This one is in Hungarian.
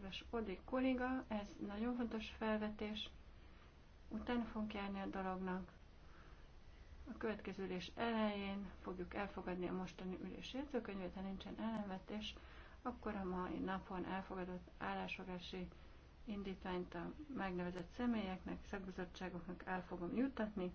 Kedves Odi kolléga, ez nagyon fontos felvetés. Utána fogunk járni a dolognak. A következő ülés elején fogjuk elfogadni a mostani ülés jegyzőkönyvét, ha nincsen ellenvetés, akkor a mai napon elfogadott állásfogási indítványt a megnevezett személyeknek, szakbizottságoknak el fogom juttatni.